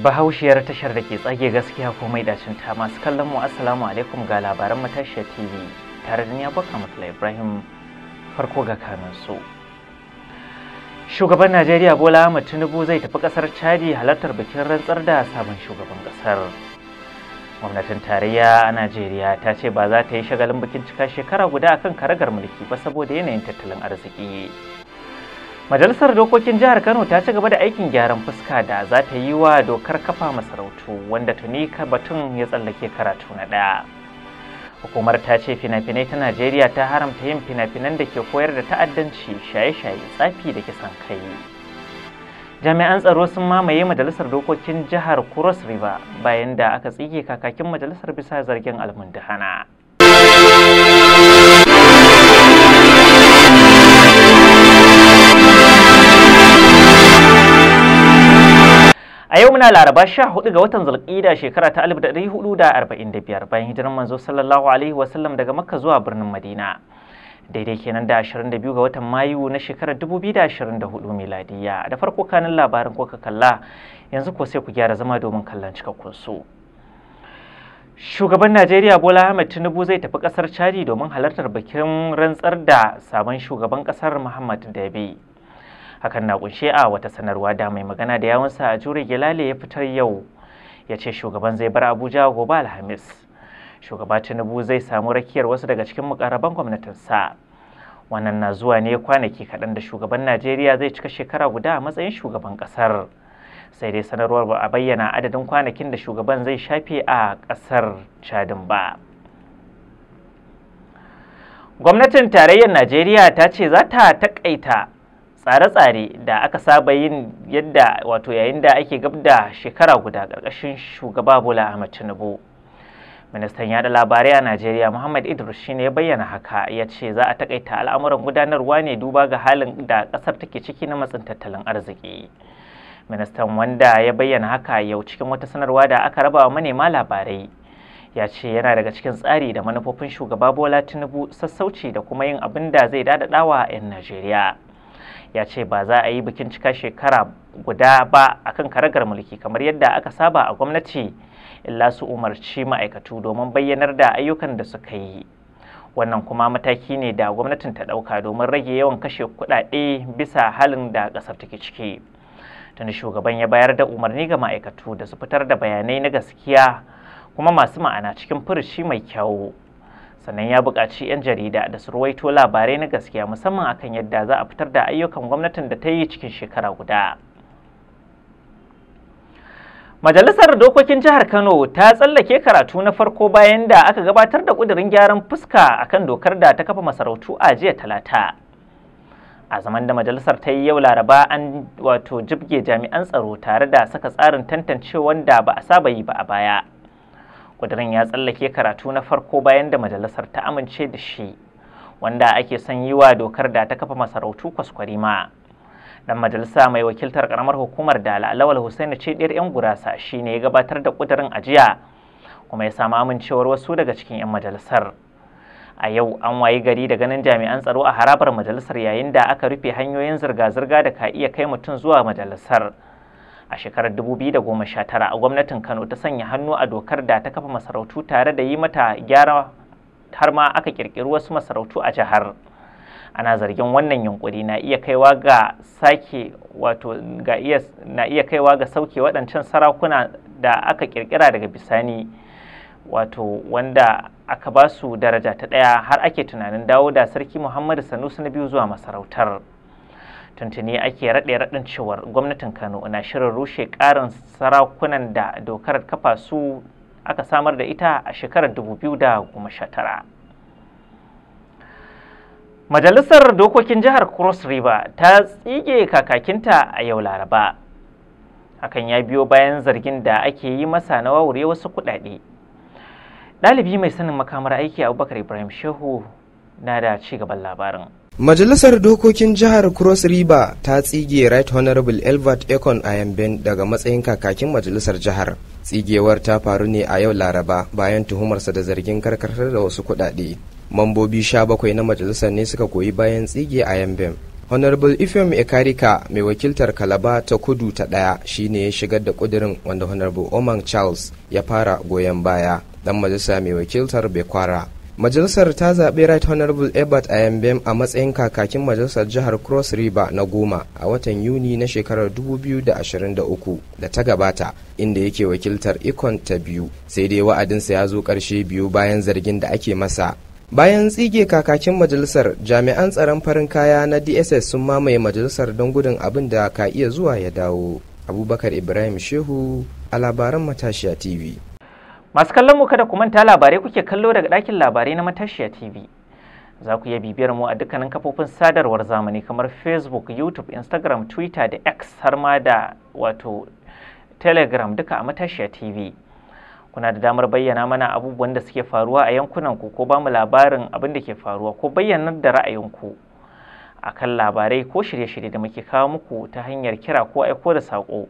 bahaushiyar tashar da ke tsage gaskiya ko mai dacin ta masu kallon mu assalamu alaikum ga labaran matashiya tv tare da ni abokan mutula ibrahim farko ga kanun su shugaban najeriya bola ahmad tinubu zai tafi kasar chadi halartar bikin rantsar da sabon shugaban kasar gwamnatin tarayya a najeriya ta ce ba za ta yi shagalin bikin cika shekara guda akan karagar mulki ba saboda yanayin tattalin arziki Majalisar Dokokin Jihar Kano ta ci gaba da aikin gyaran fuska da za ta yi wa dokar kafa masarautu wanda tuni batun ya tsallake karatu na ɗaya. Hukumar ta ce fina-finai ta Najeriya ta haramta yin fina-finan da ke koyar da ta'addanci shaye-shaye tsafi da kisan kai. Jami'an tsaro sun mamaye majalisar dokokin jihar Cross River bayan da aka tsige kakakin majalisar bisa zargin almundahana. muna laraba sha hudu ga watan zulƙida shekara ta alif da ɗari hudu da arba'in da biyar bayan hijiran manzo sallallahu alaihi wasallam daga makka zuwa birnin madina daidai kenan da ashirin da biyu ga watan mayu na shekarar hudu miladiya da farko kanin labarin ko ka kalla yanzu ko sai ku gyara zama domin kallon cikakkun su shugaban najeriya bola ahmed tinubu zai tafi kasar chadi domin halartar bikin rantsar da sabon shugaban kasar muhammad dabe hakan na kunshe a wata sanarwa da mai magana da yawunsa a jure gilali ya fitar yau ya ce shugaban zai bar abuja gobe alhamis shugaba tinubu zai samu rakiyar wasu daga cikin mukarraban gwamnatinsa wannan na zuwa ne kwanaki kaɗan da shugaban najeriya zai cika shekara guda a matsayin shugaban ƙasar sai dai sanarwar ba a bayyana adadin kwanakin da shugaban zai shafe a ƙasar chadin ba gwamnatin tarayyar najeriya ta ce za ta taƙaita tsare-tsare da aka saba yin yadda wato yayin da ake gab da shekara guda ƙarƙashin shugaba bola a tinubu ministan yada labarai a najeriya muhammad idris shine ya bayyana haka ya ce za a takaita al'amuran gudanarwa ne duba ga halin da ƙasar take ciki na matsin tattalin arziki ministan wanda ya bayyana haka yau cikin wata sanarwa da aka raba wa manema labarai ya ce yana daga cikin tsari da manufofin shugaba bola tinubu sassauci da kuma yin abin da zai dadadawa 'yan najeriya ya ce ba za a yi bikin cika shekara guda ba a kan karagar mulki kamar yadda aka saba a gwamnati illa su umarci ma'aikatu domin bayyanar da ayyukan da suka yi wannan kuma mataki ne da gwamnatin ta ɗauka domin rage yawan kashe kuɗaɗe bisa halin da ƙasar take ciki tuni shugaban ya bayar da umarni ga ma'aikatu da su fitar da bayanai na gaskiya kuma masu ma'ana cikin furushi mai kyau. sannan ya buƙaci 'yan jarida da su ruwaito labarai na gaskiya musamman akan yadda za a fitar da ayyukan gwamnatin da ta yi cikin shekara guda majalisar dokokin jihar kano ta tsallake karatu na farko bayan da aka gabatar da ƙudurin gyaran fuska akan dokar da ta kafa masarautu a jiya talata a zaman da majalisar ta yi yau laraba an wato jibge jami'an tsaro tare da saka tsarin tantance wanda ba a saba yi ba a baya ƙudurin ya tsallake karatu na farko bayan da majalisar ta amince da shi wanda ake son yi wa dokar da ta kafa masarautu kwaskwari ma dan majalisa mai wakiltar karamar hukumar da alawal husaini ce ɗiyar 'yan gurasa shine ya gabatar da ƙudurin ajiya kuma ya samu amincewar wasu daga cikin 'yan majalisar a yau an wayi gari da ganin jami'an tsaro a harabar majalisar yayin da aka rufe hanyoyin zirga-zirga da ka iya kai mutum zuwa majalisar a shekarar 2019 a gwamnatin Kano ta sanya hannu a dokar da ta kafa masarautu tare da yi mata gyara har ma aka kirkiri wasu masarautu a jihar. Ana zargin wannan yunkuri na iya kaiwa ga sake wato ga iya na iya kaiwa ga sauke waɗancan sarakuna da aka kirkira daga bisani wato wanda aka ba su daraja ta ɗaya har ake tunanin dawo da sarki Muhammadu Sanusi na biyu zuwa masarautar. tuntuni ake raɗe raɗin cewar gwamnatin kano na shirin rushe ƙarin sarakunan da dokar kafa su aka samar da ita a shekarar 2019 majalisar dokokin jihar cross river ta tsige kakakinta a yau laraba hakan ya biyo bayan zargin da ake yi masa na wawure wasu kuɗaɗe ɗalibi mai sanin makamar aiki abubakar ibrahim shehu na da ci gaban labarin Majalisar Dokokin Jihar Cross River ta tsige Right Honorable Elbert Ekon Ayamben daga matsayin kakakin majalisar jihar. Tsigewar ta faru ne a yau Laraba bayan tuhumarsa da zargin karkatar da wasu kudade Mambobi sha bakwai na majalisar ne suka koyi bayan tsige Ayamben. Honorable ifem Ekarika mai wakiltar Kalaba ta kudu ta ɗaya shine ya shigar da ƙudirin wanda Honorable omar Charles ya fara goyon baya. Dan majalisa mai wakiltar Bekwara majalisar ta zaɓi right honorable ebert ayambem a matsayin kakakin majalisar jihar cross river na goma a watan yuni na shekarar 2023 da ta gabata inda yake wakiltar ikon ta biyu sai dai wa'adinsa ya zo ƙarshe biyu bayan zargin da ake masa bayan tsige kakakin majalisar jami'an tsaron farin kaya na dss sun mamaye majalisar don gudun abin da ka iya zuwa ya dawo abubakar ibrahim shehu a labaran matashiya tv Masu kallon mu kada ku manta labarai kuke kallo daga ɗakin labarai na Matashiya TV. Za ku iya bibiyar mu a dukkanin kafofin sadarwar zamani kamar Facebook, YouTube, Instagram, Twitter da X har ma da wato Telegram duka a Matashiya TV. Kuna da damar bayyana mana abubuwan da suke faruwa a yankunan ku ko ba mu labarin abin da ke faruwa ko bayyanar da ra'ayin ra'ayinku akan labarai ko shirye-shirye da muke kawo muku ta hanyar kira ko aiko da saƙo.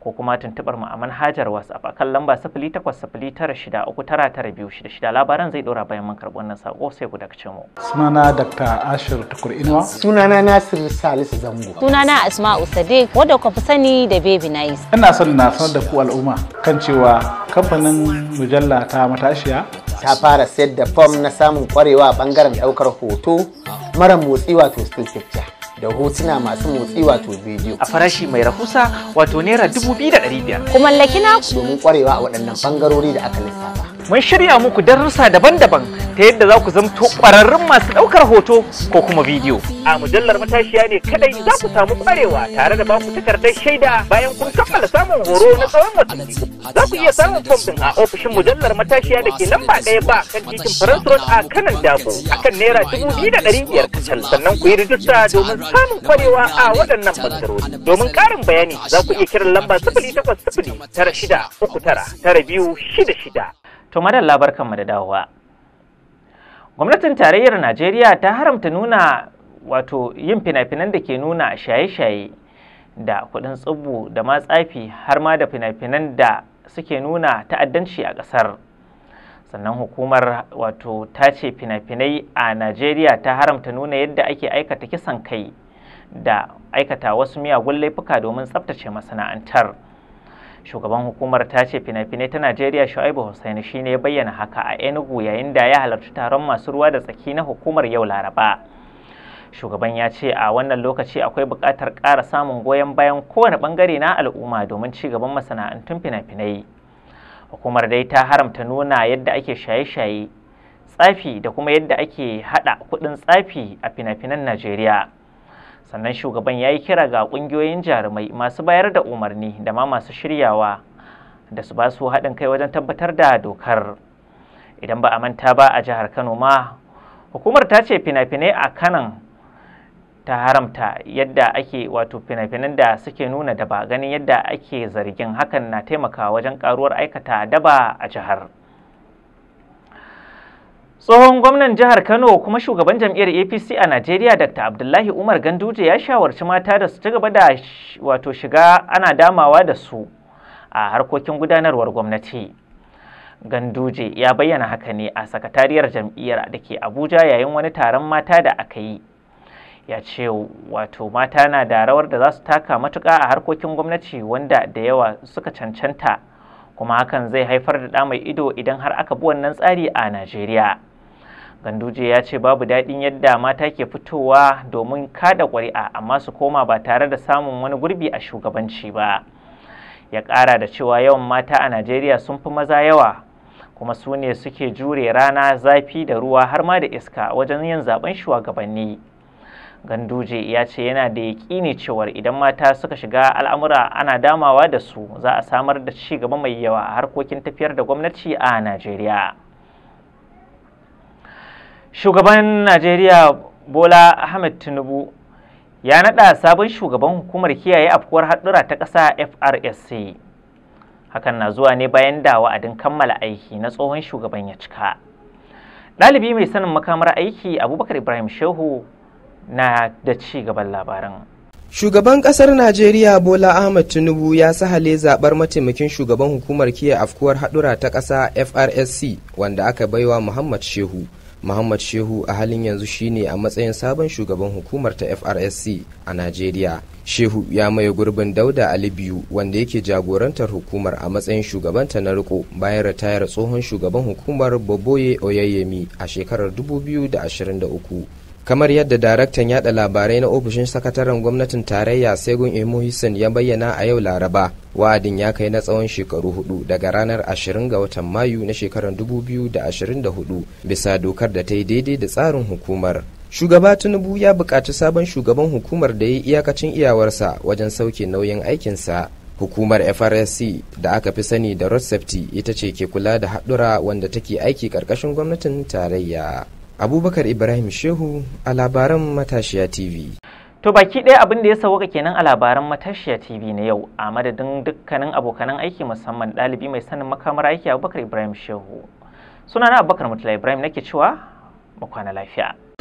ko kuma tuntubar mu a manhajar WhatsApp a kan lamba 0809639926 labaran zai dora bayan mun karɓi wannan sako sai ku dakace mu. Sunana Dr. Ashir Tukur Inuwa. Sunana Nasir Salisu Zango. Sunana Asma'u Sadiq wadda ku fi sani da Baby Nice. Ina son na sanar da ku al'umma kan cewa kamfanin mujalla ta matashiya ta fara sayar da fom na samun kwarewa a bangaren daukar hoto mara motsi wato still picture. da hotuna masu motsi wato bidiyo a farashi mai rahusa wato naira 2500 ku mallaki na domin kwarewa a waɗannan bangarori da aka lissafa mun shirya muku darussa daban-daban ta yadda za ku zamto ƙwararrun masu ɗaukar hoto ko kuma bidiyo. A mujallar matashiya ne kadai za ku samu ƙwarewa tare da baku takardar shaida bayan kun kammala samun horo na tsawon watanni. Za ku iya samun fom ɗin a ofishin mujallar matashiya da ke lamba ɗaya ba kan titin Faransu Road a kanan Dabo kan naira dubu biyu da ɗari biyar kacal sannan ku yi rijista domin samun ƙwarewa a waɗannan bangarori. Domin ƙarin bayani za ku iya kiran lamba sifili takwas sifili tara shida uku tara tara biyu shida shida. To madalla barkanmu da dawowa. Gwamnatin tarayyar Najeriya ta haramta nuna wato yin fina-finan da ke nuna shaye-shaye da kuɗin tsubu da matsafi har ma da fina-finan da suke nuna ta'addanci a ƙasar. Sannan hukumar wato ta ce fina-finai a Najeriya ta haramta nuna yadda ake aikata kisan kai da aikata wasu miyagun laifuka domin tsaftace masana'antar. shugaban hukumar ta ce fina-finai ta najeriya shu'aibu hussaini shine ya bayyana haka a enugu yayin da ya halarci taron masu ruwa da tsaki na hukumar yau laraba shugaban ya ce a wannan lokaci akwai buƙatar ƙara samun goyon bayan kowane ɓangare na al'umma domin ci gaban masana'antun fina-finai hukumar dai ta haramta nuna yadda ake shaye-shaye tsafi da kuma yadda ake haɗa kuɗin tsafi a fina-finan najeriya sannan shugaban ya yi kira ga ƙungiyoyin jarumai masu bayar da umarni da ma masu shiryawa da su ba su haɗin kai wajen tabbatar da dokar idan ba a manta ba a jihar kano ma hukumar ta ce fina-finai a kanan ta haramta yadda ake wato fina-finan da suke nuna daba ganin yadda ake zargin hakan na taimakawa wajen karuwar aikata daba a jihar. Tsohon gwamnan jihar Kano kuma shugaban jam'iyyar APC a Najeriya Dr. Abdullahi Umar Ganduje ya shawarci mata da su ci gaba da wato shiga ana damawa da su a harkokin gudanarwar gwamnati. Ganduje ya bayyana haka ne a sakatariyar jam'iyyar da ke Abuja yayin wani taron mata da aka yi. Ya ce wato mata na da rawar da za su taka matuƙa a harkokin gwamnati wanda da yawa suka cancanta kuma hakan zai haifar da ɗa mai ido idan har aka bi wannan tsari a najeriya ganduje ya ce babu daɗin yadda mata ke fitowa domin kada ƙuri'a amma su koma ba tare da samun wani gurbi a shugabanci ba ya ƙara da cewa yawan mata a najeriya sun fi maza yawa kuma su ne suke jure rana zafi da ruwa har ma da iska wajen yin zaben shugabanni ganduje ya ce yana da yaƙi ne cewar idan mata suka shiga al'amura ana damawa da su za a samar da ci gaba mai yawa a harkokin tafiyar da gwamnati a najeriya shugaban najeriya bola ahmed tinubu ya naɗa sabon shugaban hukumar kiyaye afkuwar haɗura ta ƙasa frsc hakan na zuwa ne bayan da wa'adin kammala aiki na tsohon shugaban ya cika ɗalibi mai sanin makamar aiki abubakar ibrahim shehu na da ci gaban labaran Shugaban kasar Najeriya Bola Ahmed Tinubu ya sahale zabar mataimakin shugaban hukumar kiyaye afkuwar hadura ta ƙasa FRSC wanda aka baiwa Muhammad Shehu. Muhammad Shehu a halin yanzu shine a matsayin sabon shugaban hukumar ta FRSC a Najeriya. Shehu ya maye gurbin Dauda Ali Biyu wanda yake jagorantar hukumar a matsayin shugabanta na riko bayan ritayar tsohon shugaban hukumar Boboye Oyeyemi a shekarar 2023. kamar yadda daraktan yada labarai na ofishin sakataren gwamnatin tarayya segun imo hussein ya bayyana a yau laraba wa'adin ya kai na tsawon shekaru hudu daga ranar 20 ga watan mayu na shekarar 2024 bisa dokar da ta yi daidai da tsarin hukumar shugaba tinubu ya buƙaci sabon shugaban hukumar da ya yi iyakacin iyawarsa wajen sauke nauyin aikinsa hukumar frsc da aka fi sani da road safety ita ce ke kula da haɗura wanda take aiki ƙarƙashin gwamnatin tarayya abubakar ibrahim shehu a labaran matashiya tv to baki ɗaya abin da ya sauka kenan a labaran matashiya tv na yau a madadin dukkanin abokanan aiki musamman ɗalibi mai sanin makamar aiki abubakar ibrahim shehu sunana abubakar mutula ibrahim nake cewa mu kwana lafiya